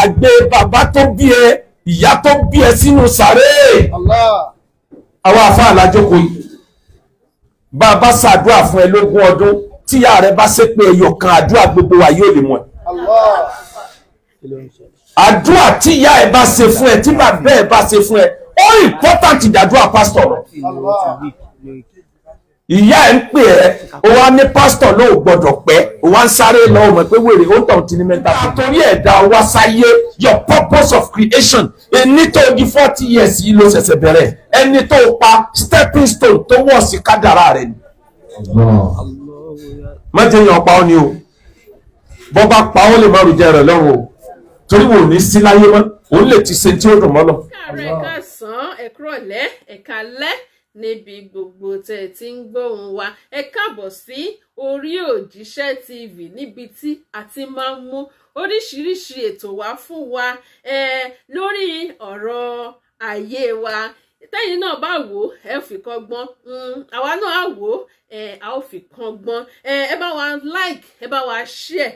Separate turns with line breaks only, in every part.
gbàgbé bàbá tó bí ẹ ìyá tó bí ẹ sínú sàré àwọn afá alájókò yìí bàbá ṣàdúrà fún ẹ lógún ọdún tíyá rẹ bá ṣépè ẹyọ kan àdúrà gbogbo wa yóò lè mọ àdúrà tíyá ẹ bá ṣe fún ẹ tí bàbá ẹ bá ṣe fún ẹ ó important ìdàdúrà pásítọ̀
rẹ
ìyá ẹ̀ ń pè ẹ́ ó wá ní pásítọ̀ ló gbọ́dọ̀ pẹ́ ó wá ń sáré lọ ọmọ pé wèrè ó ń tàn tí ní mẹ́ta. àtòrí ẹ̀dá wa sáyé your purpose of creation ẹni tó di forty years yìí ló ṣẹ̀ṣẹ̀ bẹ̀rẹ̀ ẹni tó pa stepping stone tó wọ̀ sí kádàrá rẹ̀ ni. mọ́tẹ́ yẹn ọ̀pá ọ́ ni o bọ́ bá pa ó lè má rú jẹ́ rẹ̀ lọ́wọ́ o torí wo ní sí láyé mọ́ òun lè ti ṣe tí ó dùn mọ́ lọ. káàárẹ̀
káàsán ẹ̀kúrọ̀lẹ́ ẹ̀kálẹ́ níbi gbogbo tẹ́ ẹ ti ń gbóhùn wa ẹ káàbọ̀ sí orí òjíṣẹ́ tv níbi tí a ti máa ń mú oríṣiríṣi ètò wá fún wa lórí ọ̀rọ̀ ayé wa tẹ́yìn náà bá wò ó ẹ ò fi kan hmm, àwa náà á wò ó a ó fi kan ẹ bá wa like ẹ bá wa share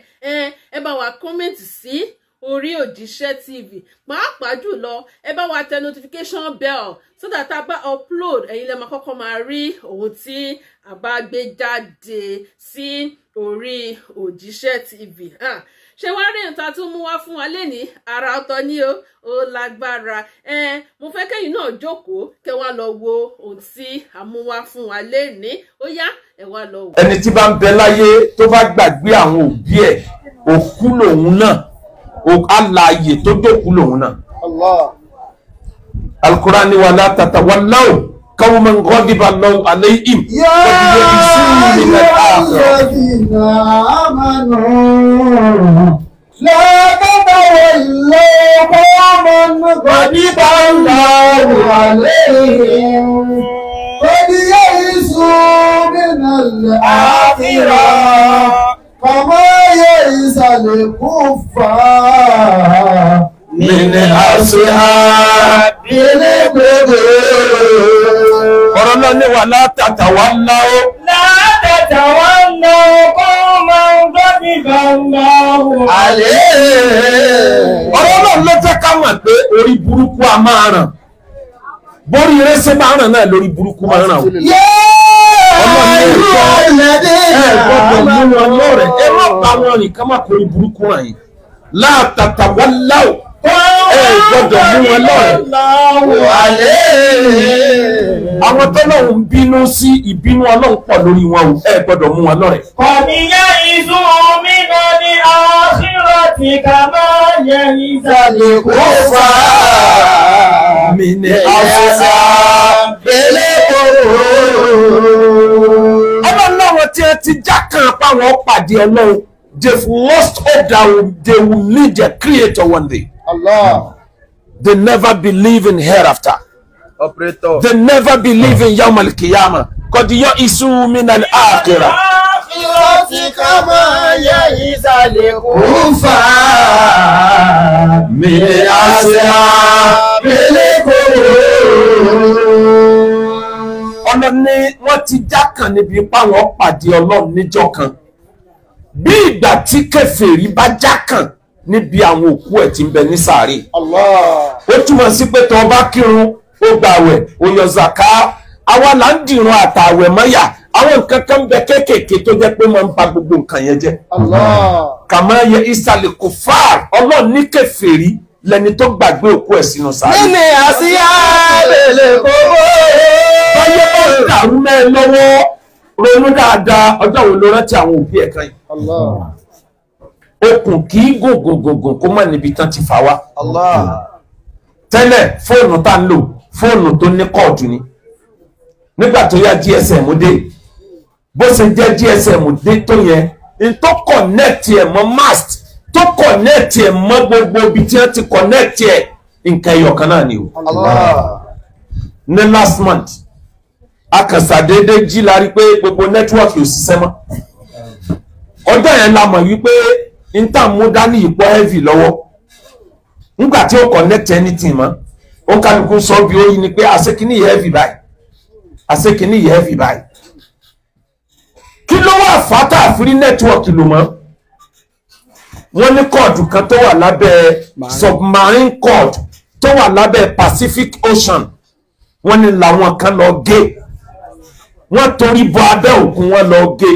ẹ bá wa comment sí. Si orí òjíṣẹ́ tv pàápàá jùlọ ẹ bá wa tẹ notification bell so that a bá upload ẹ̀yin lẹ́ẹ̀ máa kọ́kọ́ máa rí ohun tí a bá gbé jáde sí orí òjíṣẹ́ tv ṣe wá rí nǹkan tó mú wá fún wa lénìí ara ọ̀tọ̀ ni o ó lágbára ẹ mo fẹ́ kẹ́yìn náà jókòó kẹ́ wá lọ wo ohun tí a mú wá fún wa lénìí ó yá ẹ wá lọ wò.
ẹni tí bá ń bẹ láyé tó bá gbàgbé àwọn òbí ẹ̀ òkú lòun náà alààyè tó jókòó lòun náà. alukuraan ni wàlá tata wàláwò káwọn máa ń gọ́dí bá lọ́wọ́ alẹ́ im. yóò yóò yóò di
náà mánu. lọ́kàtà wọ̀ ilé wọ́n máa ń gọ́dí bá lọ́wọ́ alẹ́ im. Kọ́dí yẹ́ ìsú nínú àfihàn. Kọ̀mọ́ ìsàlẹ̀ kú fà á.
Mìnì àṣìhà
ìní gbèdé.
Ọ̀rọ̀ náà ní wà látàtà wá ńlá ó. Látàtà wá ńlá ó kó máa ń gbọ́dí gbàngbà wò. Àlẹ́. Ọ̀rọ̀ náà ló jẹ́ ká mọ̀ pé orí burúkú a máa ràn. Bórí eré ṣe máa ràn náà lórí burúkú máa ràn o. Yéé láàtàtà wà láwò ẹ gbọ́dọ̀ mú wọn lọ́rẹ̀. àwọn tọ́lọ́hún bínú sí ìbínú ọlọ́run pọ̀ lórí wọn o ẹ gbọ́dọ̀ mú wọn lọ́rẹ̀. kọ̀míyá ìzú mi náà ni àṣírò tí ká
máa yẹ ìsàlẹ̀ kó fà á. mi ni àṣà bẹ́lẹ̀.
kan páwọn pàdé ọlọ́run they've lost hope that they will meet their creator one day. Allah. They never believe in hereafter. Operator. They never believe in Yawm al-Qiyamah. قد يئسوا من الآخرة.
كما يئس الكفار من أصحاب القبور
ọlọ́run ní wọ́n ti jákàn níbi páwọn pàdé ọlọ́run níjọ́ kan bí ìgbà tí kèfèrí bá jákàn níbi àwọn òkú ẹ̀ tí ń bẹ ní sàárè. ó túmọ̀ sí pé tó bá kírun ó gbàwẹ̀ ó yọ zàká àwa là ń dìrun àtàwẹ̀ mọ́yà àwọn nǹkan kan bẹ kéékèèké tó jẹ́ pé máa ń ba gbogbo nǹkan yẹn jẹ́. kàmá ìsàlẹ̀ kò fà ọlọ́run ní kèfèrí lẹni tó gbàgbé òkú ẹ̀ sínú sáré. nínú àsíá lèlè kókó. báyọ̀ bá dàrú mẹ́ lọ́wọ́ ronú dáadáa ọjọ́ wo ló rántí àwọn òbí ẹ̀ kan yìí. okùn kì í gògògògò kó má níbi tán ti fà wá. tẹ́lẹ̀ fóònù tá ń lò fóònù tó ní kọ́ọ̀dù ni nígbà tó yá GSM dé bó ṣe jẹ́ GSM dé tó yẹn n tó kọ̀ nẹ́ẹ̀tì ẹ̀ mọ́ mast tó kọ̀nẹ́ẹ̀tì ẹ̀ mọ́ gbogbo ibi tí wọ́n ti kọ̀nẹ́ẹ̀tì ẹ̀ nǹkan ẹyọ kan náà ni o. ní last month akànṣàdédé jí la rí pé gbogbo nẹ́tíwọ́ọ̀kì ò ṣiṣẹ́ mọ́ ọjọ́ yẹn la mọ̀ wípé intamu dání ìpọ́ heavy lọ́wọ́ nígbà tí ó connect anything mọ́ ó kálukú sọ bí ó yí ni pé àṣekíní yìí heavy báyìí àṣekíní yìí heavy báyìí kí ló wà fátà fírí nẹ́tíwọ́ọ̀kì lò mọ́ wọ́n ní kọ́ọ̀dù kan tó wà lábẹ́ submarine cord tó wà lábẹ́ Pacific Ocean wọ́n ní làwọn kan lọ gé wọ́n torí bọ abẹ́ òkun wọn lọ gé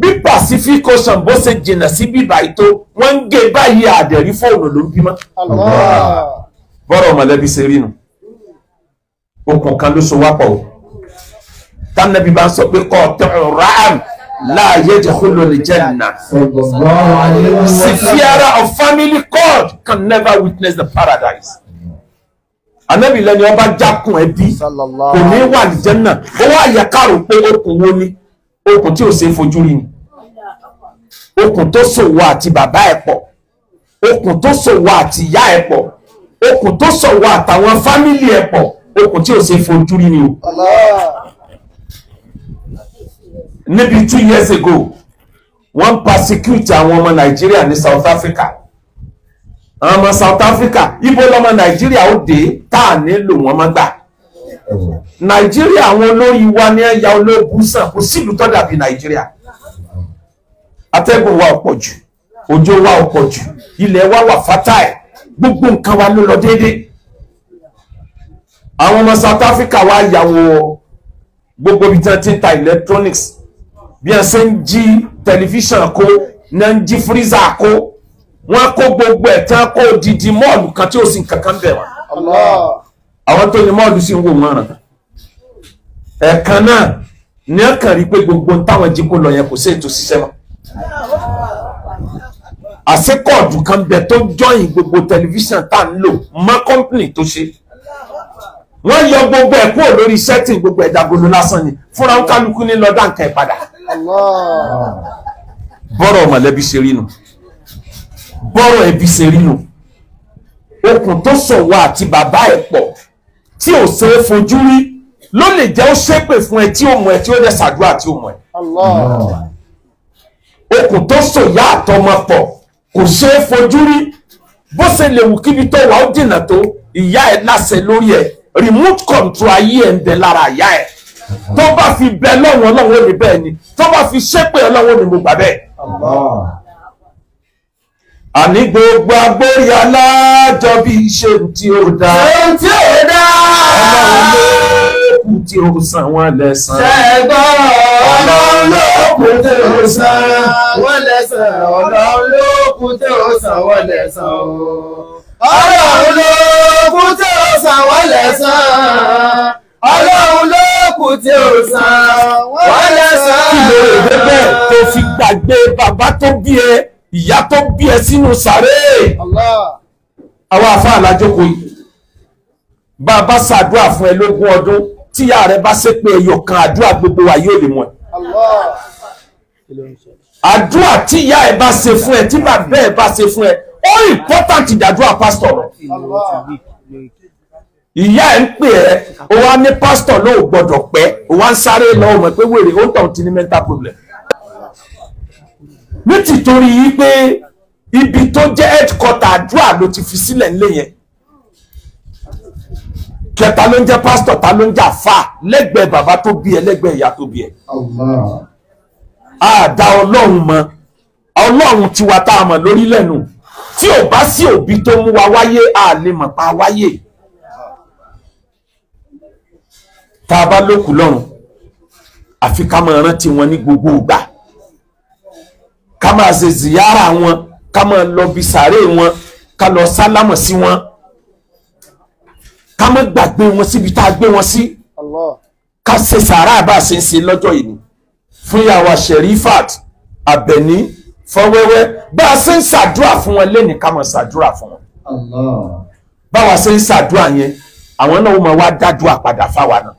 bí Pacific Ocean bó ṣe jìnnà sí bíbá yìí tó wọ́n ń gé báyìí àdẹ̀rí fóònù ló ń bímọ. bọ́rọ̀ mọ̀lẹ́bí ṣe rí nu okùn kan ló so wá pọ̀ o tánàbí bá ń sọ pé kọ́ ọ̀tẹ̀ ọ̀rá láàyè jẹ́kúlò lè jẹ́ nà. Sifiara of family God can never witness the paradise. Ànábì lẹ́ni ọba jákun ẹbí kò ní wà ní Jẹ́nà ó wá àyàkárò pé okùn wo ni okùn tí O ṣe é fojú rí ni okùn tó ṣòwò àti bàbá ẹ̀ pọ̀ okùn tó ṣòwò àti ìyá ẹ̀ pọ̀ okùn tó ṣòwò àtàwọn fámìlì ẹ̀ pọ̀ okùn tí ò ṣe fojú rí ni o níbi two years ago wọ́n persecute àwọn ọmọ nàìjíríà ní south africa àwọn ọmọ south africa ibo lọmọ nàìjíríà ó dé tá à nílò wọn má gbà nàìjíríà àwọn olórí wa ní ẹ̀yà olóògùn sàn kò sílùú tó dàbí nàìjíríà atẹ́gùn wa ọ̀pọ̀ jù òjò wa ọ̀pọ̀ jù ilẹ̀ wa wà fátàì gbogbo nǹkan wa ló lọ déédéé àwọn ọmọ south africa wa yà wọ gbogbo ibi tí wọ́n ti ń ta electronics bí a ṣe ń jí tẹlifíṣàn kó náà ń jí fírísà kó wọn kó gbogbo ẹ̀ tán kó didi mọ́ọ̀lù kan tí ó sì kankan bẹ̀ wá. àwọn tó ní mọ́ọ̀lù sì ń wò wọ́n ràn. ẹ̀ẹ̀kan náà ní ọkàn rí pé gbogbo táwọn jí kó lọ yẹn kò sí ṣiṣẹ́ mọ́. àṣekọ̀ọ̀dù kan bẹ̀ tó jọyìn gbogbo tẹlifíṣàn tá à ń lò mọ́ kọ́ńpìnì tó ṣe wọ́n yọ gbogbo ẹ̀ kúrò lórí setting gbogbo ẹ̀ dàgolo lásán ni fúnra ń kálukú ní lọ́dà nǹkan ẹ̀ padà. bọ́rọ̀ mọ̀lẹ́bí ṣe rí nu bọ́rọ̀ ẹbí ṣe rí nu okùn tó sọ̀wọ́ àti bàbá ẹ̀ pọ̀ tí ò ṣe é fojú rí ló lè jẹ́ ó ṣépè fún ẹ tí ó mọ̀ ẹ tí ó dẹ̀ ṣàdúrà tí ó mọ̀ ẹ. okùn tó sọ̀yà àtọmọ pọ̀ kò ṣe é fojú rí bó ṣe lè wù kíbi tó wà ó dènà tó ìyá ẹ láṣẹ lórí ẹ remote control ayé ẹ̀ ń bẹ lára àyà ẹ̀ tó bá fi bẹ lọ́wọ́ ọlọ́run ò ní bẹ́ẹ̀ ni tó bá fi ṣépè ọlọ́run ò ní mo gbà bẹ́ẹ̀. àní gbogbo agbórí alájọbí ṣe ti ò dá. ṣe ti ò dá. ọlọ́run
ló
kù tí ó san wọ́n lẹ́san.
ṣẹ́gbọ́n ọlọ́run ló kù tí ó san wọ́n lẹ́san ọlọ́run ló kù tí ó san wọ́n lẹ́san o.
ọlọ́run ló kù tí ó san wọ́n lẹ́sàn-án ọlọ́run ló kù tí ò san
wọ́n lẹ́sàn-án. kí ló lè dé bẹ́ẹ̀ tó
fi gbàgbé bàbá tó bí ẹ ìyá tó bí ẹ sínú sàré àwọn àfáà la jókòó yìí bàbá ṣàdúrà fún ẹ lógún ọdún tíyà rẹ bá ṣépè ẹyọ kan àdúrà gbogbo wa yóò lè mọ ẹ àdúrà tí ìyá ẹ bá ṣe fún ẹ tí bàbá ẹ bá ṣe fún ẹ ó important ìdàdúrà pásítọ̀ rẹ ìyá ẹ̀ ń pè ẹ́ ó wá ní pásítọ̀ ló gbọ́dọ̀ pẹ́ ó wá ń sáré lọ ọmọ pé wèrè ó tàn ti ní mental problem. ní tìtorí yìí pé ibi tó jẹ́ headquarter àdúrà ló ti fi sílẹ̀ ńlẹ̀ yẹn kẹta ló ń jẹ́ pásítọ̀ ta ló ń jà fà lẹ́gbẹ̀ẹ́ bàbá tó bí ẹ lẹ́gbẹ̀ẹ́ ìyá tó bí ẹ. àdá ọlọ́run mọ ọlọ́run tiwa tá a mọ̀ lórí lẹ́nu tí ò bá sí òbí tó mú wa wáyé a mọ̀ pa wáyé. tá a bá lókù lọ́run àfi ká máa rántí wọn ní gbogbo ìgbà ká máa ṣe ziyara wọn ká máa lọ bí sàárè wọn ká lọ sálámọ̀ sí wọn ká má gbàgbé wọn síbi tá a gbé wọn sí ká ṣe sàárà bá a ṣe ń ṣe lọ́jọ́ yìí ni fún ìyàwó Sherifat Abẹ́ní fọwẹ́wẹ́ bá a ṣe ń ṣàdúrà fún wọn lẹ́nìí ká máa ṣàdúrà fún wọn báwa ṣe ń ṣàdúrà yẹn àwọn náà wọ́n máa wá dádúrà padà fáwa náà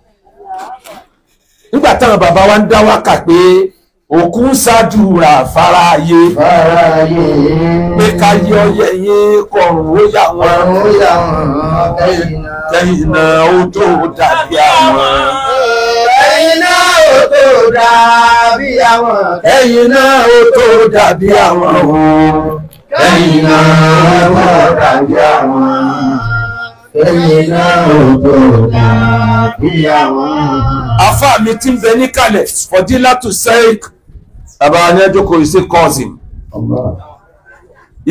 nígbà táwọn bàbá wa ń dá wákà pé òkú ń ṣáájú ra fara ayé pé ká yọ yẹyẹ kọrùn ó yà wọn lẹ́yìn náà ó tó dàbí àwọn
lẹ́yìn náà ó tó dàbí àwọn lẹ́yìn náà ó tó dàbí àwọn o lẹ́yìn náà ó tó dàbí àwọn lẹ́yìn
Afa mi ti ń bẹ ní kalẹ̀ fọdílà tó sẹ́yìn bàbá wa ní ẹjọ́ kò ṣe kọ́ọ̀sì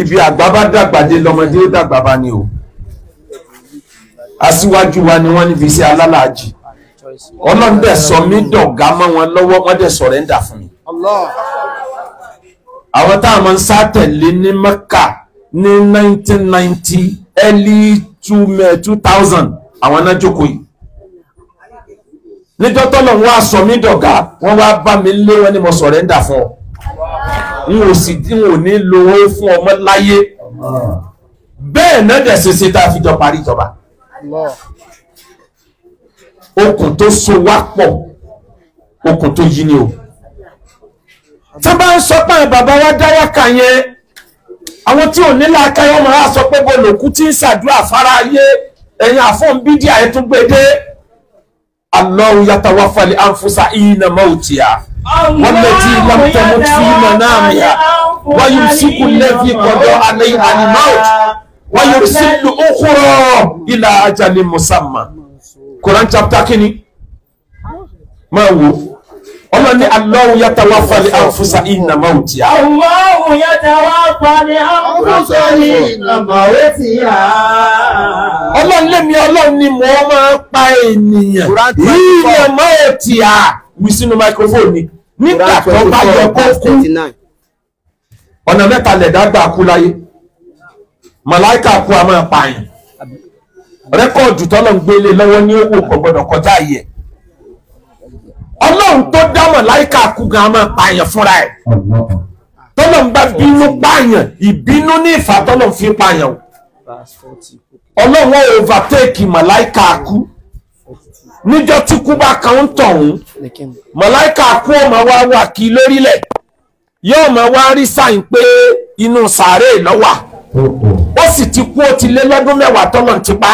ibi àgbà bá dàgbà dé lọ́mọdé dàgbà bá ní o aṣíwájú wa ni wọ́n níbi iṣẹ́ alálàájì ọlọ́run dẹ̀ sọ mí dọ̀gá mọ́ wọn lọ́wọ́ wọ́n dẹ̀ sọ̀rẹ́ńdà fún mi àwọn táwọn máa ń sá tẹ̀lé ní Mẹ́kà ní 1990 early 2000 àwọn náà jókòó yìí níjọ́ tọ́lọ̀ wọn aṣọ mi dọ̀gá wọn wá bá mi lé wọn ni mo sọ̀rẹ́ńdà fún ọ n ò sì dín ò ní lo owó fún ọmọ láyé bẹ́ẹ̀ náà dẹ̀ ṣeṣe tá a fi jọ parí ìjọba okùn tó so wá pọ̀ okùn tó yí ni o tí wọ́n bá ń sọ pé bàbá wa dáyàká yẹn àwọn tí ò ní làákàyọ́ máa sọ pé bọ́ọ̀lù òkú ti ń ṣàdúrà fáráyé ẹ̀yin àfọ̀nbídìí àyẹ̀túgbẹ́dẹ́. Allahu yatawaffal anfusa hina mautiha wallati lam tamut fi manamiha wa yumsiku allati qada alayha al-maut wa yursilu ukhra ila ajalin musamma Quran chapter kini máa wò ọlọ́ni aláwọ̀ yàtà wà fàlẹ̀ àǹfùsà ìnà máa ti yá. aláwọ̀ yàtà wà fàlẹ̀ àǹfùsà ìnà máa ti yá.
ọlọ́run lèmi ọlọ́run
ni mo máa pa ènìyàn ìnà máa ti yá wí sínú microphone ni nígbà tó bá yẹ kó kú. ọ̀nà mẹ́ta lẹ̀dá gbà kú láyé màláìkà kú a máa pààyàn rẹ́kọ̀dù tọ́lọ̀ ń gbélé lọ́wọ́ ní owó kò gbọ́dọ̀ kọjá yẹ̀ ọlọ́run tó dá màláíkà kú gan máa pààyàn fúnra ẹ̀ tọ́lọ́run bá bínú pààyàn ìbínú ní ìfà tọ́lọ́run fi pààyàn o ọlọ́run ó overtake màláíkà kú níjọ́ tí kú bá kan ń tọ̀hún màláíkà kú ọmọ wa wà kí lórílẹ̀ yóò máa wá rí sáyìn pé inú sàárè lọ́wà ó sì ti kú ó ti lé lọ́dún mẹ́wàá tọ́lọ́run ti pa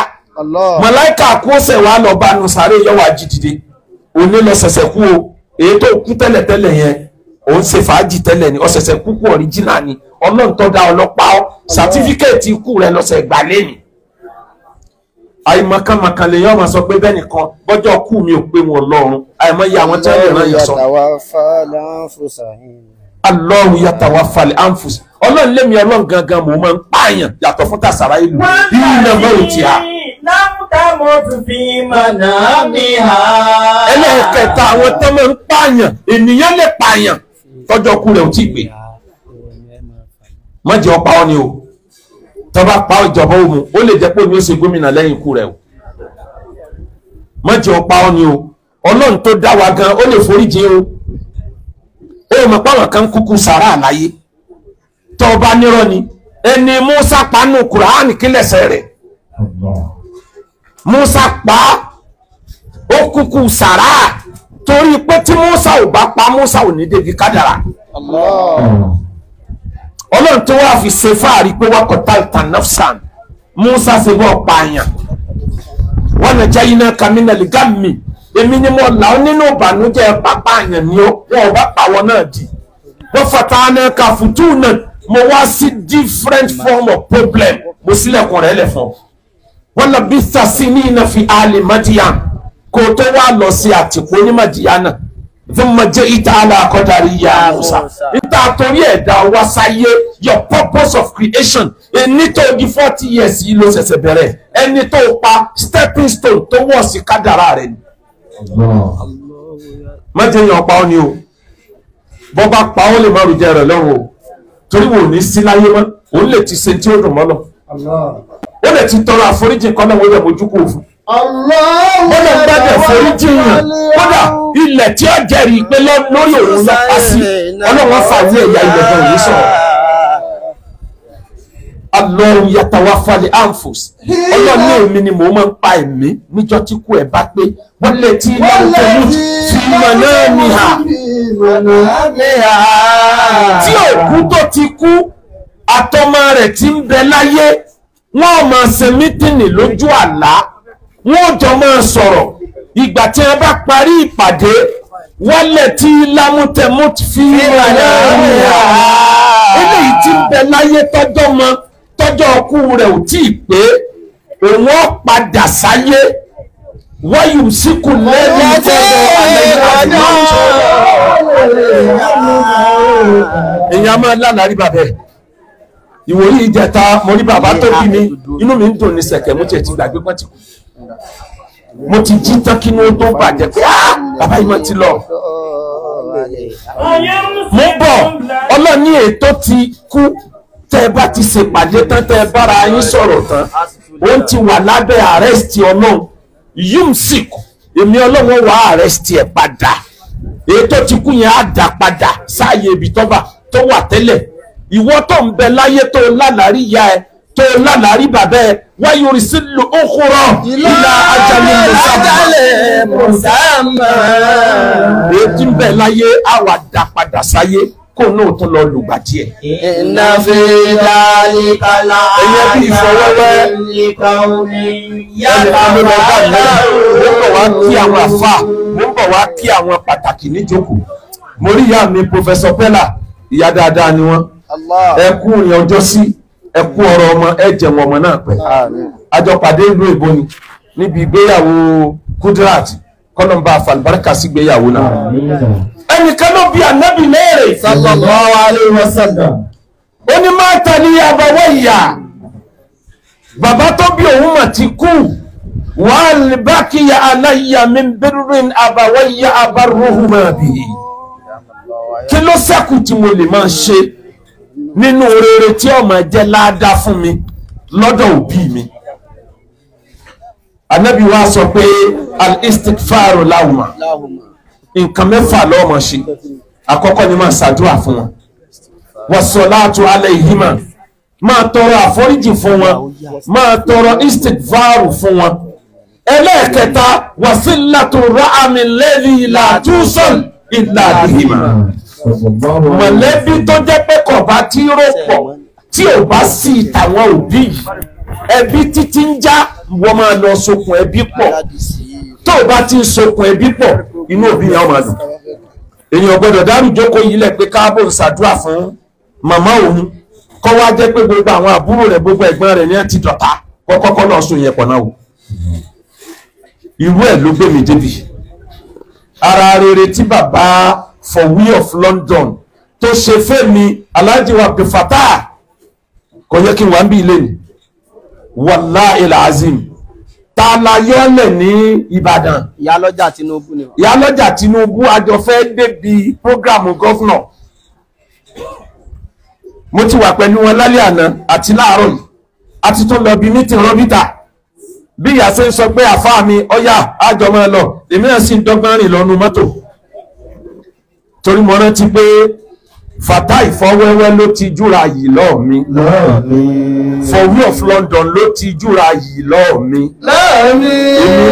màláíkà kú ó sẹ̀ wá lọ bá nu sàárè yọ̀wá jí dìde òní lọ ṣẹ̀ṣẹ̀ kú o èyí tó kú tẹ́lẹ̀ tẹ́lẹ̀ yẹn òun ṣe fàájì tẹ́lẹ̀ ni ọ̀ṣẹ̀ṣẹ̀ kú kú ọ̀ríjìnà ni ọlọ́run tó dá ọlọ́pàá ọ sàtífíkẹ́ẹ̀tì ikú rẹ lọ́sẹ̀ gbà lẹ́yìn. àìmọ̀kànmọ̀kàn lèyàn máa sọ pé bẹ́ẹ̀ nìkan bọ́jọ́ kú mi ò pé wọn lọ́run àìmọye àwọn tí wọ́n lè ràn yẹn sọ. Allahu yatawaffal anfus ọlọ́run lémi ọlọ́run gangan mò ń máa ń pààyàn yàtọ̀ fún tàṣàrà ìlú bí ìlànà ò ti hà támọ̀tù fi mànà mi hà. ẹlẹ́ẹ̀kẹta àwọn tó máa ń pààyàn ènìyàn lè pààyàn tọ́jọ́ kú rẹ̀ ò tí ì pé mọ́jẹ́ ọ̀pá ọ ni o tọ́ba pa ìjọba òmu ó lè jẹ́ pé omi ó ṣe gómìnà lẹ́yìn ikú rẹ̀ o mọ́jẹ́ ọ̀pá ọ ni o ọlọ́run tó dá wa gan ó lè foríjì o ó mọ̀ páwọn kan kúkú sàrà àlàyé tọ́ba nírọ́ ni ẹni Mùsá panu Kùránì kílẹ̀sẹ̀ rẹ̀. Musa pa ó kúkú sàrà torí pé tí Musa ò bá pa Musa ò ní débi kádàrà. Ọlọ́run tí wọ́n á fi ṣe fáàrí pé wọ́n kọ̀ tàìtàn nafsan Musa ṣe bọ́ pààyàn wọ́n lè jẹ́ iná kamínà lè èmi ni mo là ó nínú ìbànújẹ́ pápá àyàn ni ó wọn ò bá pàwọ́ náà di wọ́n fata ní kàfùtù náà mo wá sí different form of problem mo sílẹ̀kùn rẹ̀ lẹ̀ fún ọ wọ́n lọ bí sasini na fi àlè madian kó tó wá lọ sí àtìkú ní madiana fún mọ̀jẹ́ ìta alákọ̀dárí ya musa níta torí ẹ̀dá wa sáyé your purpose of creation ẹni tó di forty years yìí ló ṣẹ̀ṣẹ̀ bẹ̀rẹ̀ ẹni tó pa stepping stone tó wọ̀ sí kádàrá rẹ̀ ni. mọ̀jẹ́ yẹn ọ̀pá ó ní o bọ́ bá pa ó lè má rojẹ́ rẹ̀ lọ́rùn o torí wo ní sí láyé mọ́ òun lè ti ṣe tí ó dùn mọ́ lọ ó lè ti tọrọ àforíjì kan náà wọ́n yẹ mojú kò fún.
ó lè gbàgbé àforíjì yàn kódà
ilẹ̀ tí ó jẹ́rìí pé lórí òun lọ pa sí ọlọ́wọ́n fà ní ẹ̀yà ilẹ̀ náà yìí sọ̀rọ̀. Allahu yatawafa li anfus ọlọ́ni èmi ni mò ń máa ń pa ẹ̀mí níjọ́ tí kú ẹ̀ bá pé wọ́n lè ti ilé ìtọ́jú fi mọ̀ náà ní ha tí òkú tó ti kú àtọmọ rẹ̀ ti ń bẹ láyé wọ́n máa ṣe mítìnì lójú àlá wọ́n jọ máa sọ̀rọ̀ ìgbà tí wọ́n bá parí ìpàdé wálẹ̀ tí lámútẹ̀mút fi ràyàrìyà eléyìí tí ń bẹ láyé tọ́jọ́ mọ tọ́jọ́ ọkú rẹ̀ ò tí ì pé òun ó padà sáyé wáyù síkù lẹ́yìn tó lọ alẹ́ ìrìnàjò. máa ń lánàá rí bàbá ẹ̀ ìwòyí ìjẹta mo rí bàbá tó bí mi inú mi ń dùn ní sẹ̀kẹ̀ mo tiẹ̀ ti gbàgbé pọ́n ti kú mo ti jí tán kí ni ó tó bàjẹ́ pé ah! bàbá yìí mọ̀ ti lọ. mo bọ̀ ọlọ́ni ètò ti kú tẹ́ bá ti ṣèpàdé tán tẹ́ bára yín sọ̀rọ̀ tán ó ti wà lábẹ́ àrẹ́sìtì ọlọ́run yum sick èmi ọlọ́run wà àrẹ́sìtì ẹ̀ padà ètò ti kú yẹn á dà padà sáàyè ibi tó wà tẹ́lẹ̀ ìwọ tó ń bẹ láyé tó lálàrí ìyá ẹ tó lálàrí bàbá ẹ wáyé orí sí lu okòrò ìlà ajalè mùsàmà. èyí tí ń bẹ láyé àwa dá padà sáyé kó náà tún lọ lùgbà díẹ̀.
iná fi lálé kálá ẹyẹ bí ìfọwọ́wẹ́ ẹnìkan ló lọ bá mi mo ń bọ̀ wá
kí àwọn àfa mo ń bọ̀ wá kí àwọn pàtàkì níjókòó mo rí ìyá mi pòfẹsọ pẹ́là ìyá dáadáa ni wọ́n ẹ kú ìyẹn ọjọ́ sí ẹ kú ọ̀rọ̀ ọmọ ẹ jẹ̀wọ̀n ọmọ náà pẹ̀ àjọpàdé ìlú èbó ni níbi ìgbéyàwó Kudrat kọ́nọ̀mbà àfàlùbáríkà sí ìgbéyàwó náà ẹnìkan ló bi ànábì léèrè sallallahu alaihi wasallam ó ní máa ta ní àbáwọ̀ ìyá bàbá tó bí òun mà ti kú wal baqiya alayya min birrin àbáwọ̀ ìyá abárúhùmọ̀ bì kí ló ṣẹ́kù tí mo lè máa ṣe nínú rere tí ọmọ jẹ́ ládàá fún mi lọ́dọ̀ òbí mi anabi wa sọ pé al-istikfaru lahuma nǹkan mẹ́fà lọ́mọ ṣe àkọ́kọ́ ni máa ṣàdúrà fún wọn wassalatu alayhima máa tọrọ àforíjì fún wọn máa tọrọ istikfaru fún wọn ẹlẹ́ẹ̀kẹta wasilatu ra'ami lẹ́lí ìlà túsàn ìlà àdìhìmà
mọ̀lẹ́bí
tó jẹ́ pé kọ̀bá tí rò pọ̀ tí ò bá sí tàwọn òbí yìí ẹbí títí ń já wọ́n máa lọ sokùn ẹbí pọ̀ tó o bá ti ń sokùn ẹbí pọ̀ inú òbí yẹn máa dùn èèyàn gbọ́dọ̀ dárújókòó yìí lẹ̀ pé káàbọ̀ ń ṣàdúrà fún màmá òun kọ́ wá jẹ́ pé gbogbo àwọn àbúrò rẹ̀ gbogbo ẹ̀gbọ́n rẹ̀ ní ẹ̀ ti dọ̀tá kọ́kọ́kọ́ náà sùn yẹn pọ̀ náà wò irú ẹ̀ ló gbé mi débi ara rere tí bàbá for we of London tó ṣe fẹ́mi Alhaji Abdulfatah kò yẹ kí n wà ń bí ilé ni wallahi alazim ta la yọ́lẹ̀ ní Ìbàdàn. Ìyálọ́jà Tinubu ni. Ìyálọ́jà Tinubu àjọ fẹ́ débi prógrámù gọ́fúnà mo ti wà pẹ̀lú wọn lálẹ́ àná àti láàárọ̀ yìí àti tó lọ bí mítìn rọ́bítà bí ìyá ṣe ń sọ pé àfáà mi ọ̀yà àjọmọ́ ẹ lọ èmi náà sì ń dọ́gbọ́n rìn lọ́nu mọ́tò torí mo rántí pé fàtà ìfọwẹ́wẹ́ ló ti júra yìí lọ́ọ̀ mi. fọwọ́ of London ló ti júra yìí lọ́ọ̀ mi. èmi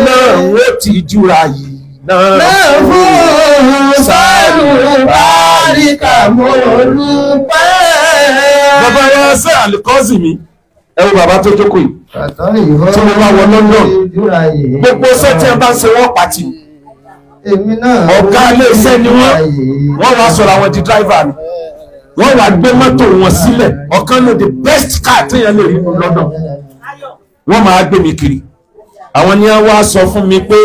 náà ń ti júra yìí náà.
lẹ́fún
sáré báríkà mo
dúpẹ́. bàbá wa ṣe
àlùkọ́sì mi ẹ bàbá tó jókòó yìí tí mo bá wọ London gbogbo sẹ́tì bá ń ṣe wọ́n pàtì
ọ̀gá iléeṣẹ́ ni wọ́n wọ́n wá sọ̀rọ̀ àwọn di driver
ni wọ́n wá gbé mọ́tò wọn sílẹ̀ ọ̀kan ló the best car téèyàn lè rí nínú London wọ́n máa gbé mi kiri àwọn ni wọ́n wá sọ fún mi pé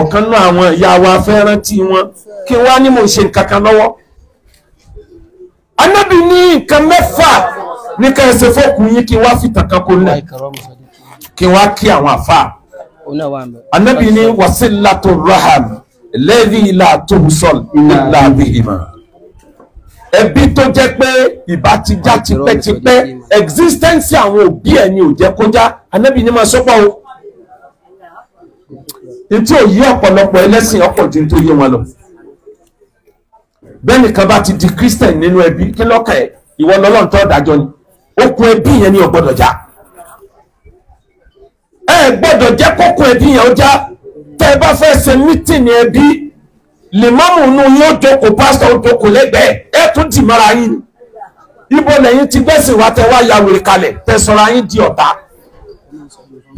ọ̀kan náà àwọn ìyá wa fẹ́ rántí wọn kí wọ́n á ní mò ń ṣe nǹkan kan lọ́wọ́ anábì ní nǹkan mẹ́fà ní ká ẹsẹ̀ fọ́ọ̀kùn yín kí wọ́n á fi tàkà kó lẹ̀ kí wọ́n á kí àwọn àfà anábì ní wàsílàtò rahman lẹ́yìn ilà tó ń sọ ilà bìhìmọ̀ ẹbí tó jẹ́ pé ìbá ti já tipẹ́tipẹ́ existence àwọn òbí ẹ̀ ni ò jẹ́ kó já anábì ní máa sọ́pọ̀ o ètò òyí ọ̀pọ̀lọpọ̀ ẹlẹ́sìn ọ̀pọ̀ ju tó yé wọn lọ bẹ́ẹ̀ nìkan bá ti di christian nínú ẹbí kí lọ́kà ẹ̀ ìwọ lọ́lọ́run tó dájọ́ ni okùn ẹbí yẹn ni ò gbọ́dọ̀ já ẹ gbọ́dọ̀ jẹ́ kókùn ẹbí yẹn ó já tẹ́ ẹ bá fẹ́ ṣe mítìnì ẹbí lèmọ́mù inú yóò jókòó pásítọ̀ òjókòó lẹ́gbẹ̀ẹ́ ẹ tún dì mọ́ra yín ibo lẹ́yìn ti gbẹ́sìn wá tẹ wá ya wèrè kalẹ̀ tẹ sọ̀rọ̀ yín di ọ̀tá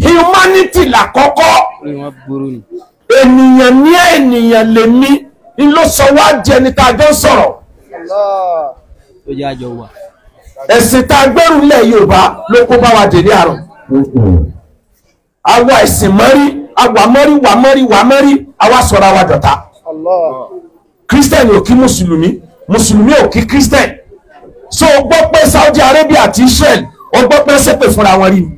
humanity làkọ́kọ́ ènìyàn ní ènìyàn lèmi ló sọ wá di ẹni tá a jọ ń sọ̀rọ̀ ẹ̀sìn tá a gbẹ́rù lẹ̀ Yorùbá ló kó bá wa dé ní àrùn àwa ẹ̀sìn mọ́rí awàmọ́rí wàmọ́rí wàmọ́rí àwa sọ̀rọ̀ àwa dọ̀tá kírísítẹ̀nì ò kí mùsùlùmí mùsùlùmí ò kí kírísítẹ̀nì so gbọ́ pé Saudi Arabia àti Israel ó gbọ́ pé ṣépè fúnra wọn rí ni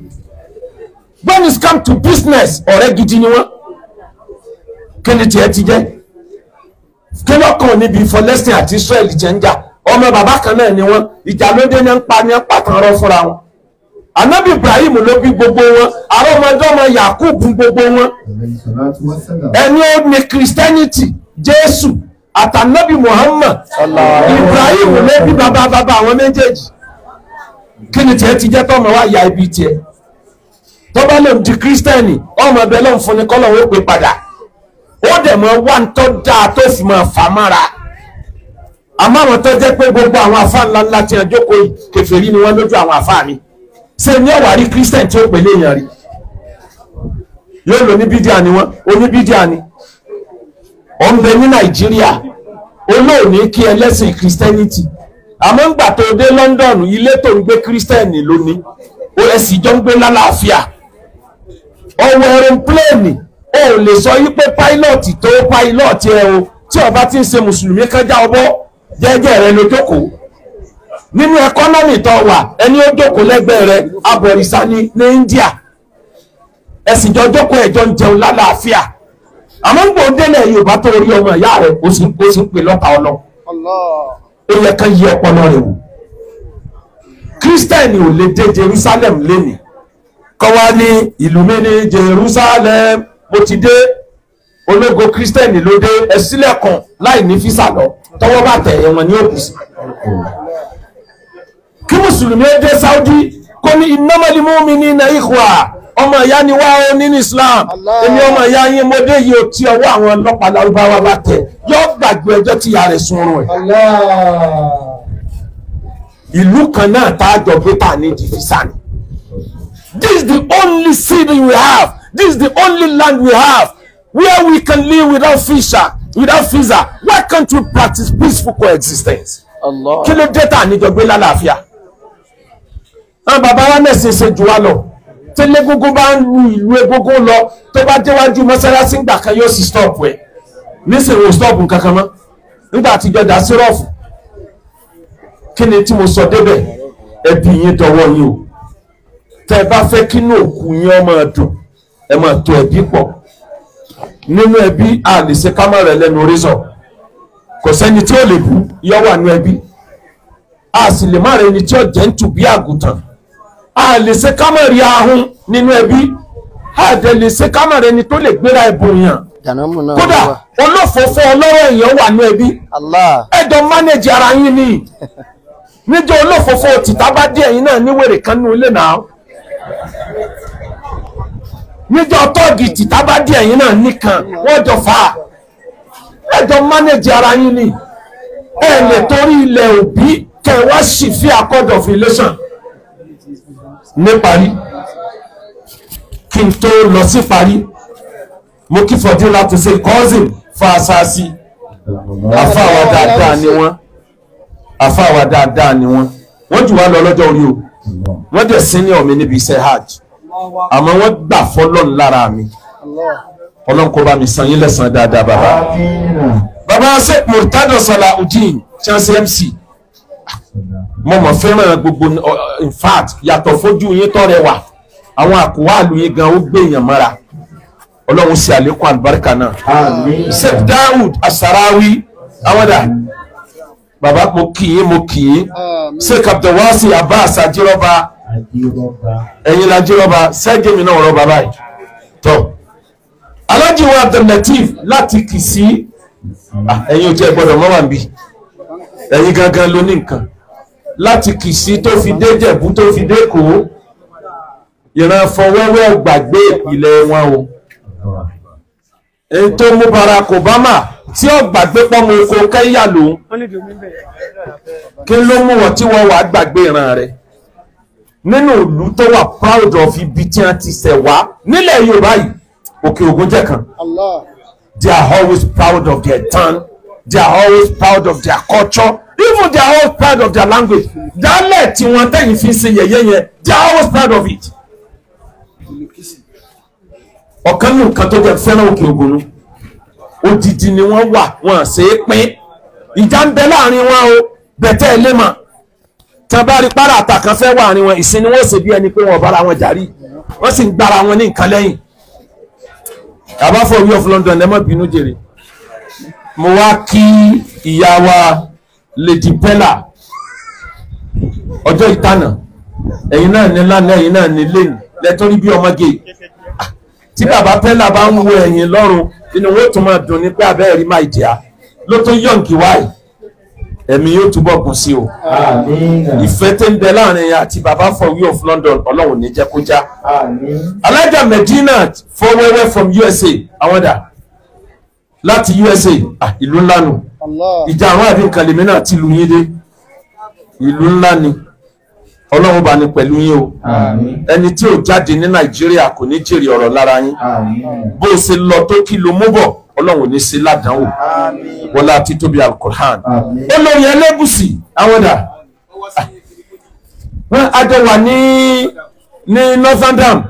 when it come to business ọ̀rẹ́ gidi ni wọ́n kí ni tiẹ̀ ti jẹ́ kí lọ́kàn níbi ìfọlẹ́sìn àti Israel jẹ́ ń jà ọmọ bàbá kan náà ni wọ́n ìjà lóde ní ń pa ní ń pàtàn rọ fúnra wọn anabi ibrahim ló bí gbogbo wọn àrọmọdọ́mọ yakub gbogbo wọn ẹni ó ní christianity jésù àtànábì muhammad ibrahim ló bí bàbá bàbá àwọn méjèèjì kí ni tiẹ̀ ti jẹ́ tọ́mọ wá ya ibi tiẹ̀ tọ́ba lè di kírísítẹ́nì ọmọ ẹbẹ̀ lọ́n fún ni kọ́lọ̀ ó pè padà ó dẹ̀ mọ́ wá ń tọ́ dáa tó fi mọ́ fà àmọ́ àwọn tó jẹ́ pé gbogbo àwọn afá ńláńlá ti hàn jókòó kèfèrí ni wọ́n lójú àwọn afá mi ṣe ní ọ̀wà rí christian tí ó pè léèyàn rí yóò lò ní bídíà ni wọ́n oníbídíà ni ọ̀nbẹ ní nàìjíríà olóòní kí ẹlẹ́sìn christianity àmọ́ ń gbà tó dé london ilé tó ń gbé christian lónìí ó ẹ̀sìn jọ ń gbé lálàáfíà ọwọ́ ẹ̀rọ̀pléènì ó lè sọ yí pé pilọ́ọ̀tì tó pilọ́ọ̀tì ẹ̀ o tí ọba ti ń ṣe mùsùlùmí kájá ọbọ̀ jẹ́jẹ́ rẹ̀ lójókòó nínú ẹkọ́nọ́mì tó wà ẹni ó jókòó lẹ́gbẹ̀ẹ́ rẹ̀ abọ̀rìṣà ni ní India ẹ̀sìn jọ jókòó ẹ̀jọ́ ń jẹun lálàáfíà àmọ́ ń gbòó délẹ̀ Yorùbá tó rí ọmọ ìyá rẹ̀ ó sì ń pè lọ́ta ọlọ́ ó yẹ kán yí ọpọlọ rẹ̀ wò Kírísítẹ́nì ò lè dé Jerusalem lénìí kọ́ wá ní ìlú mi ní Jerusalem mo ti dé ológo Kírísítẹ́nì ló dé ẹ̀sílẹ̀ kan láì ní físà lọ tọwọ́ bàtẹ̀ ẹ̀wọ̀n ní òkùsì kí mùsùlùmí ó dé Saudi kó ní innamal mu'minina ikhwa ọmọ ìyá ni wá ó nínú Islam èmi ọmọ ìyá yín mo dé yìí ó tí ọwọ́ àwọn ọlọ́pàá lárúbáwá bá tẹ̀ yóò gbàgbé ọjọ́ tí ìyá rẹ̀ sunrun ẹ̀. ìlú kan náà tá a jọ gbé tà ní di ni this is the only city we have this is the only land we have where we can live without visa without visa why can't we practice peaceful coexistence. kí ló dé tà níjọ gbé lálàáfíà àwọn bàbá wa mẹ̀sìn ṣe jù wá lọ tẹ́lẹ̀ gógó bá ń lu ìlú egógó lọ tó bá déwájú mọ́sálásí ńgbà kan yóò sì stọ́ọ̀pù ẹ̀ nísìnyí ò stọ́ọ̀pù kankan mọ́ ńgbà àtijọ́ dá sírọ́ọ̀fù kí ni tí mo sọ débẹ̀ ẹbí yín dọwọ́ yín o tẹ́ ẹ bá fẹ́ kí inú òkú yín ọmọ dùn ẹ máa tó ẹbí pọ̀ nínú ẹbí a lè ṣe kámọ́ rẹ̀ lẹ́nu orísọ̀ kò sẹ́ni tí ó lè bú yọ wà nú ẹbí a sì lè má rẹ ẹni tí ó jẹ́ ń tù bí àgùntàn a lè ṣe kámọ̀ ahun nínú ẹbí a dẹ̀ lè ṣe tó lè gbéra ẹ̀bùn kódà olófòófó ọlọ́rọ̀ èèyàn wà ní ẹbí ẹ̀dọ̀ mánéjì ara yín ni níjọ́ olófòófó tìta bá dé ẹ̀yìn náà ní kan nínú ilé náà níjọ́ tọ́ọ̀gì tìta bá dé ẹ̀yìn náà nìkan wọ́n jọ fà á ẹ̀dọ̀ mánéjì ara yín ni ẹ̀ lè torí ilẹ̀ òbí kẹwàá sì fi àkọ́dọ̀ fi lẹ́sàn. ní parí kí n tó lọ sí parí mo kí fọdúnlá tó ṣe cousin fa asaasi
àfáwà dáadáa
ni wọ́n àfáwà dáadáa ni wọ́n wọ́n jù wá lọ lọ́jọ́ orí o wọ́n dẹ̀ sí ní ọ̀mí níbi iṣẹ́ hajj àmọ́ wọ́n gbà fọlọ́n lára mi ọlọ́run kó bá mi san yín lẹ́sàn-án dáadáa bàbá bàbá ṣe murtado salaudeen chance mc mo mọ̀ fẹ́ràn gbogbo uh, in fact yàtọ̀ fojú yín tó rẹwà àwọn àkùwàlù yín gan ó gbé èèyàn mọ́ra ọlọ́run ṣe àlékún àlùbáríkà náà Sheikh Daud Asarawi àwọn dà bàbá mo kì í mo kì í Sheikh Abdulwasi Abbas Ajírọ́ba ẹ̀yin la Ajírọ́ba sẹ́gẹ̀mí náà rọ bàbá yìí tọ́ Alhaji wa Abdul Lateef láti Kìsì ah, ẹ̀yin ò jẹ́ gbọ́dọ̀ mọ́wàá bíi ẹ̀yin gangan ló ní nǹkan láti Kìsí tó fi dé Jẹ̀bú tó fi dé Èkó ìran fọwọ́wọ́ gbàgbé ìpìlẹ̀ wọn o èyí tó mú Barack Obama tí ó gbàgbé pọ́mọ oko Kẹ́ńyà lòun kí ló mú wọn tí wọ́n wà gbàgbé ìran rẹ̀ nínú ìlú tó wà proud of ibi tí wọ́n ti ṣẹ̀ wá nílẹ̀ Yorùbá yìí Òkè Ògùn jẹ́ kan they are always proud of their town they are always proud of their culture even they are always proud of their language dálẹ̀ tí wọ́n tẹ̀yìn fi ṣe yẹ̀yẹ́ yẹn they are always proud of it. ọ̀kan ní nǹkan tó jẹ́ fẹ́ràn òkè ògùnú odidi ni wọ́n wà wọ́n ṣe é pín ìjà ń bẹ láàrin wọn o bẹ̀tẹ̀ ilé mà tán bá rí párá àtàkàn fẹ́ wà ní wọn ìsinmi wọn ṣe bí ẹni pé wọn bára wọn jàrí wọ́n sì ń gbára wọn ní nǹkan lẹ́yìn àbáfọ̀ wí of London ẹ má bínú jèrè mo wá kí ìyá wa lady bella ọjọ́ ìtànà ẹ̀yin náà ní lánàá ẹ̀yin náà ní lẹ́nu lẹ́tọ́rí bí ọmọge tí bàbá bella bá ń wo ẹ̀yìn lọ́rùn inú wọn tún máa dùn ní pé abẹ́rẹ́ rí máa jẹ́ ló tó yọ̀ǹkì wáyé ẹ̀mí yóò túbọ̀ kún sí o ìfẹ́ tó ń bẹ láàrin yẹn àti bàbá from of London ọlọ́run ní jẹ́ kó já alájà Medina fọwẹ́wẹ́ from USA àwọn dà láti USA ìlú ńlá nù ìjà àwọn àbí kàlẹ́mí náà ti lu yín dé ìlú ńlá ni ọlọ́run bá ní pẹ̀lú yín o ẹni tí ò jáde ní nàìjíríà kò ní jèrè ọ̀rọ̀ lára yín bó o ṣe lọ tó kí lo mú bọ̀ ọlọ́run ò ní ṣe ládàáwò wọlá àti tóbi alkohan olórí ẹlẹ́gùsì àwọn dà wọn adé wà ní ní northern dam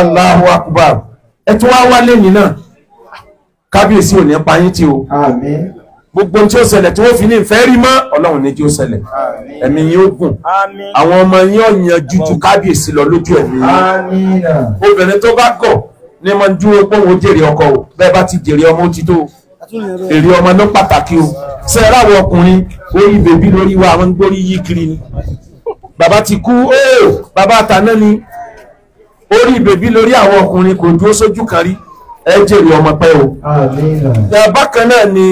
Allahu akbar ẹ tún wá wálé nìyí náà kábíyèsí ò ní pa yín tì o gbogbo tí ó ṣẹlẹ̀ tí wọ́n fi ní ìfẹ́ rí mọ́ ọlọ́run ní tí ó ṣẹlẹ̀ ẹ̀mí yín ó gùn àwọn ọmọ yín ó yan jújú kábíyèsí lọ lójú ẹ̀mí yín obìnrin tó bá gọ̀ ní máa ń dúró pé òun jèrè ọkọ o bẹ́ẹ̀ bá ti jèrè ọmọ ó ti tó èrè ọmọ ló pàtàkì o sẹ́ẹ̀rẹ́ àwọn ọkùnrin orí bèbí lórí wa àwọn gbórí yí kiri ni bàbá ti kú óò bàbá àtàná ni orí bèbí lórí àwọn ọkùnrin kò dúró sójú kan rí ẹ jèrè ọmọ pẹ́
o.
bákan náà ni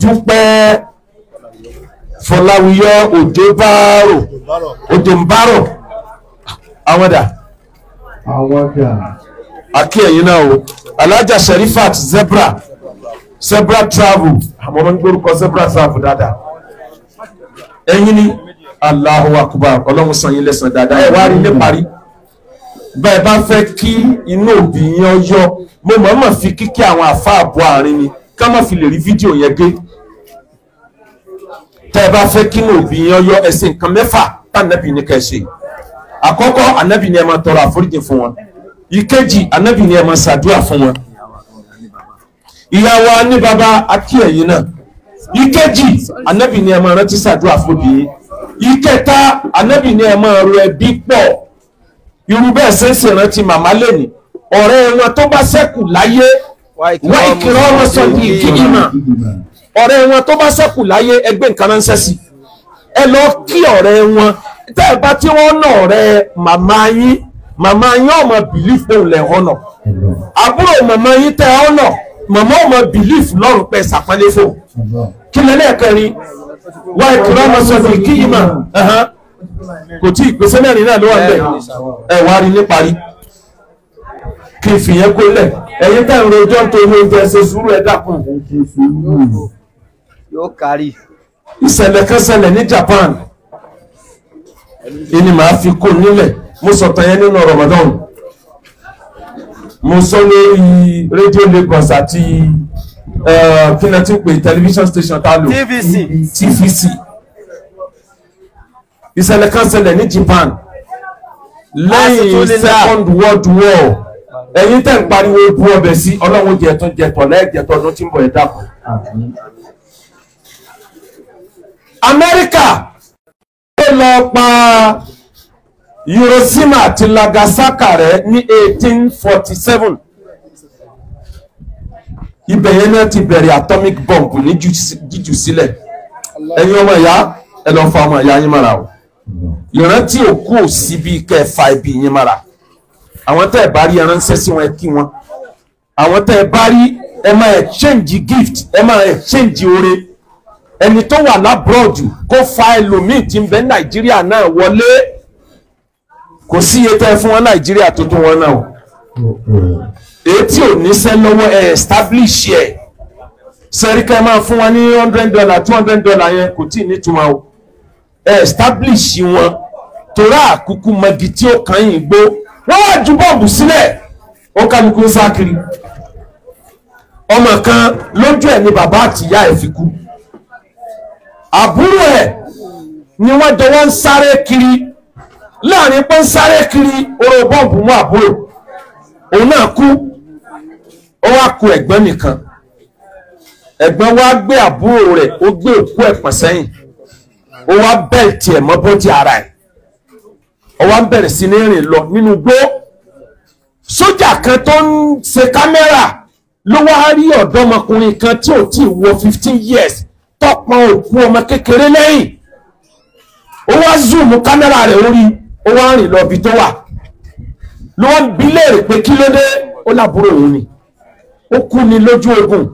dúpẹ́ fọláwiyọ òjò bárò òjò ń bárò àwọn dà. àwọn dà. àkí ẹ̀yin náà o alájà sherifat zebra zebra travel àmọ́ wọn ń gbórúkọ zebra travel dáadáa ẹ̀yin ni Allahu Akbar ọlọ́run san yín lẹ́san dáadáa ẹ̀ wá rí ilé bẹ́ẹ̀ bá fẹ́ kí inú òbí yẹn yọ mo mọ̀ọ́mọ̀ fi kíkí àwọn àfáà bọ àárín ni ká má fi lè rí fídíò yẹn gé tẹ́ ẹ bá fẹ́ kí inú òbí yẹn yọ ẹ̀sìn nǹkan mẹ́fà tànàbì ní ká ẹ ṣe àkọ́kọ́ ànábì ni ẹ máa tọrọ àforíjì fún wọn ìkejì ànábì ni ẹ máa ṣàdúrà fún wọn ìyá wa ní baba akí ẹ̀yìn náà ìkejì ànábì ni ẹ máa rántí ṣàdúrà fún bí ìkẹta ànábì ni ẹ máa rọ ẹbí pọ̀ irú bẹ́ẹ̀ ṣe ń ṣèrántí màmá lẹ́nu ọ̀rẹ́ wọn tó bá ṣẹ́kù láyé wáyé kìlọ́ wọn sọ ní ìdíjìmọ̀ ọ̀rẹ́ wọn tó bá ṣẹ́kù láyé ẹgbẹ́ nǹkan ránṣẹ́ sí ẹ lọ kí ọ̀rẹ́ wọn tẹ́ ẹ bá tí wọ́n nà ọ̀rẹ́ màmá yín màmá yín ọmọ bìlíf òun lẹ̀ ọ̀nà àbúrò màmá yín tẹ́ ọ̀nà màmá ọmọ bìlíf lọ́rùn pẹ́ sàpálẹ́ fún kí lẹ́lẹ́kẹrin
wáyé kìlọ́ wọn sọ ní ìdíjìmọ̀
kò tí ìpèsè mẹ́rin náà ló wà níbẹ̀ ẹ wá rí ní parí kí n fìyẹn kó lẹ̀ ẹ̀yin tẹ̀ ń rojọ́ nítorí oúnjẹ ṣe sùúrù ẹ̀ dàpọ̀. yóò kárí. ìṣẹ̀lẹ̀ kan ṣẹlẹ̀ ní Japan ìní màá fi kó nílẹ̀ mo sọ̀tàn yẹn nínú Ramadan mo sọ lórí rédíò Lagos àti eh, kí ni a ti pè tẹlifíṣàn station tá a lò TVC. TVC ìṣẹ̀lẹ̀ kan ṣẹlẹ̀ ní Japan lẹ́yìn second world war ẹ̀yin tẹ̀ ń pariwo bu ọbẹ̀ sí ọlọ́run jẹ̀tọ̀ jẹ̀tọ̀ lẹ́ẹ̀jẹ̀tọ̀ ọdún tí ń bọ̀ ẹ̀ dàpọ̀. Amẹ́ríkà ló lọ pa Hiroshima àti Nagasaki rẹ̀ ní 1847 ibẹ̀ yẹn náà ti bẹ̀rẹ̀ atomic bomb ní jíjù sílẹ̀ ẹ̀yin ọmọ ìyá ẹ lọ fa ọmọ ìyá yín mọ́ra o ìrántí òkú ò sí bí kẹfà ibi yín mara àwọn tẹ́ ẹ bá rí ẹránṣẹ́ sí wọn kí wọn àwọn tẹ́ ẹ bá rí ẹ máa exchange gift ẹ máa exchange oore ẹni tó wà lábúrọ̀dù kó fa ẹlòmíì tí ń bẹ nàìjíríà náà wọlé kò sí iye tẹ́ ẹ fún wọn nàìjíríà tó tó wọn náà èyí ò níṣẹ́ lọ́wọ́ ẹ establish ẹ sẹ́ríkà máa fún wọn ní hundred dollar two hundred dollar yẹn kò tí ì nítumọ̀ o establish wọn torá àkúkú mọ́gi tí ó kàn yín gbó wọ́n wá ju bọ́ọ̀bù sílẹ̀ ó kálukú ń sá ọmọ kan lójú ẹ̀ ni bàbá àtìyá ẹ̀ fi kú àbúrò ẹ̀ ni wọ́n jọ wọ́n ń sáré kiri láàrin pé ń sáré kiri oró bọ́ọ̀bù mú àbúrò òun náà kú ó wá ku ẹ̀gbọ́n nìkan ẹ̀gbọ́n wá gbé àbúrò rẹ̀ ó gbé òkú ẹ̀ sẹ́yìn ó wá bẹ́ẹ̀tì ẹ̀ mọ́ bọ́dí ara ẹ̀ ó wá bẹ̀rẹ̀ sí ní rìn lọ nínú igbó sójà kan tó ń ṣe kámẹ́rà ló wá rí ọ̀dọ́mọkùnrin kan tí ò tí ì wọ fifteen years tọ́pọ̀ òkú ọmọ kékeré lẹ́yìn ó wá zoom kámẹ́rà rẹ̀ orí ó wá rìn lọ ibi tó wà ló wá ń bi léèrè pé kí ló dé ó lábúrò òun ni ó kú ni lójú ogun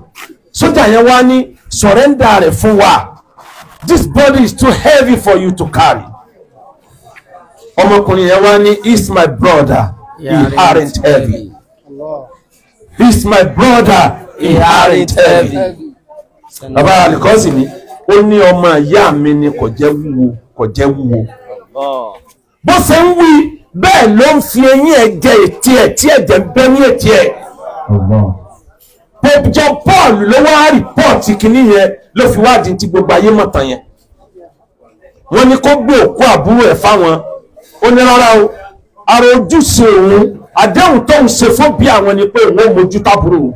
sójà yẹn wá ní sọ̀rẹ́ńdà rẹ̀ fún wa this body is too heavy for you to carry ọmọkùnrin yẹn wá ní is my brother
he aren't heavy
is my brother he aren't heavy
bàbá àlìkọ́sì
ni ó ní ọmọ ìyá mi ni kò jẹ́ wúwo kò jẹ́ wúwo bó ṣe ń wí bẹ́ẹ̀ ló ń fi eyín ẹ̀ jẹ ètí ẹ̀ tí ẹ̀jẹ̀ ń bẹ́ ní ètí ẹ̀. Pope John Paul ló wá rìpọ́ọ̀tì kìíní yẹn ló fi wádìí ti gbogbo ayé mọ̀tàn yẹn wọ́n ní kó gbé òkú àbúrò ẹ̀ fáwọn ó o ara ojúṣe òun àdéhùn tóun ṣe fún bí àwọn ni pé òun ò mójú tábúrò o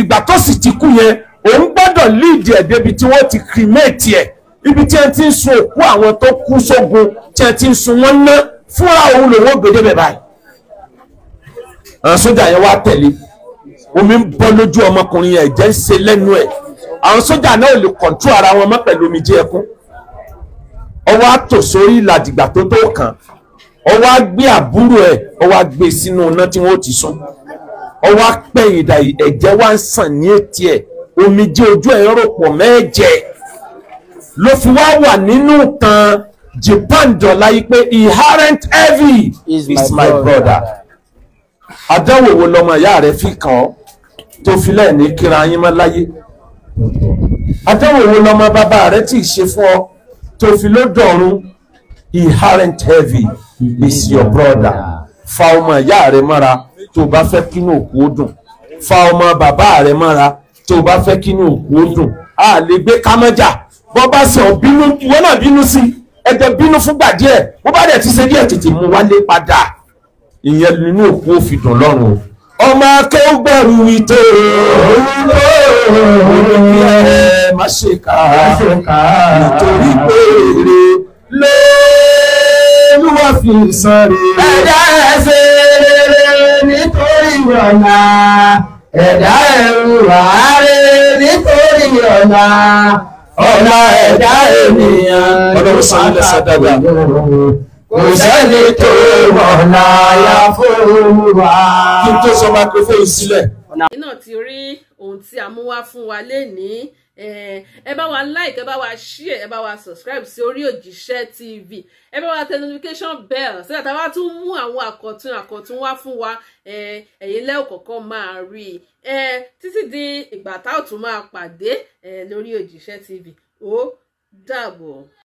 ìgbà tó sì ti kú yẹn òun gbọ́dọ̀ líìdì ẹ̀ débi tí wọ́n ti kìrìmẹ́ẹ̀tì ẹ̀ ibi tí ẹ ti ń sun òkú àwọn tó kú sógun tí ẹ ti ń sun wọn ná fúnra òun lòun ò gbèdébẹ̀ báyìí àwọn sójà yẹn wá tẹ̀lé omi ń bọ́ lójú ọmọkùnrin yẹn ẹ̀jẹ̀ ń ṣe lẹ́nu ẹ̀ àwọn sójà náà ò lè kọ̀ǹtú ara wọn mọ́ pẹ̀lú omijé ẹkún ọwọ́ á sórí ìlà tó tó kàn ọwọ́ á àbúrò ẹ̀ ọwọ́ á e sínú iná tí wọ́n ti sún ọwọ́ á ìdà ẹ̀jẹ̀ wá ń sàn ní etí ẹ̀ omijé ojú ẹ̀ rò pọ̀ mẹ́ẹ̀jẹ̀ ló fi wá wà nínú tan Japan dọ̀la yìí pé inherent heavy is my, brother àdánwò wo lọmọ ìyá rẹ fi kàn ọ́ tó fi lẹ́ẹ̀ni kíra yín mọ́ láyé àdéhùn wo lọmọ bàbá rẹ tí ì ṣe fún ọ tó fi ló dọ̀run inherent heavy is your brother fa ọmọ ìyá rẹ mọ́ra tó bá fẹ́ kínú òkú ó dùn fa ọmọ bàbá rẹ mọ́ra tó bá fẹ́ kínú òkú ó dùn a lè gbé kámọ́jà bọ́ bá sọ bínú ìwọ náà bínú sí ẹjọ bínú fúngbà díẹ̀ bó bá dẹ̀ ti ṣe díẹ̀ tètè mú wálé padà ìyẹn nínú òkú ó fi dùn lọ́rùn o ọmọ akéwùgbẹ̀rù ìtò olùkọ́ ẹ má ṣe kà á nítorí pé èrè lóòlùwà fi san rè. ẹ̀dá ẹ̀sẹ̀
rere nítorí ọ̀nà ẹ̀dá ẹ̀rù ààrẹ nítorí ọ̀nà ọ̀nà ẹ̀dá ènìyàn. ọlọ́run sàn án lẹ́sẹ̀ dáadáa
kò sẹ́ni
tó rọ̀ láyà
fún wa. kí n tó sọ microphone sílẹ̀.
èyí náà ti rí ohun tí a mú wá fún wa lénìí ẹ bá wa like ẹ bá wa share ẹ bá wa subscribe sí orí òjíṣẹ́ tv ẹ bá wa tẹ notification bell sí àtàwọn bá tún mú àwọn àkọ̀tun àkọ̀tun wá fún wa ẹ̀yin lẹ́wọ̀ kọ̀ọ̀kan máa rí i títí di ìgbà tá ò tún máa pàdé lórí òjíṣẹ́ tv ó dàbọ̀.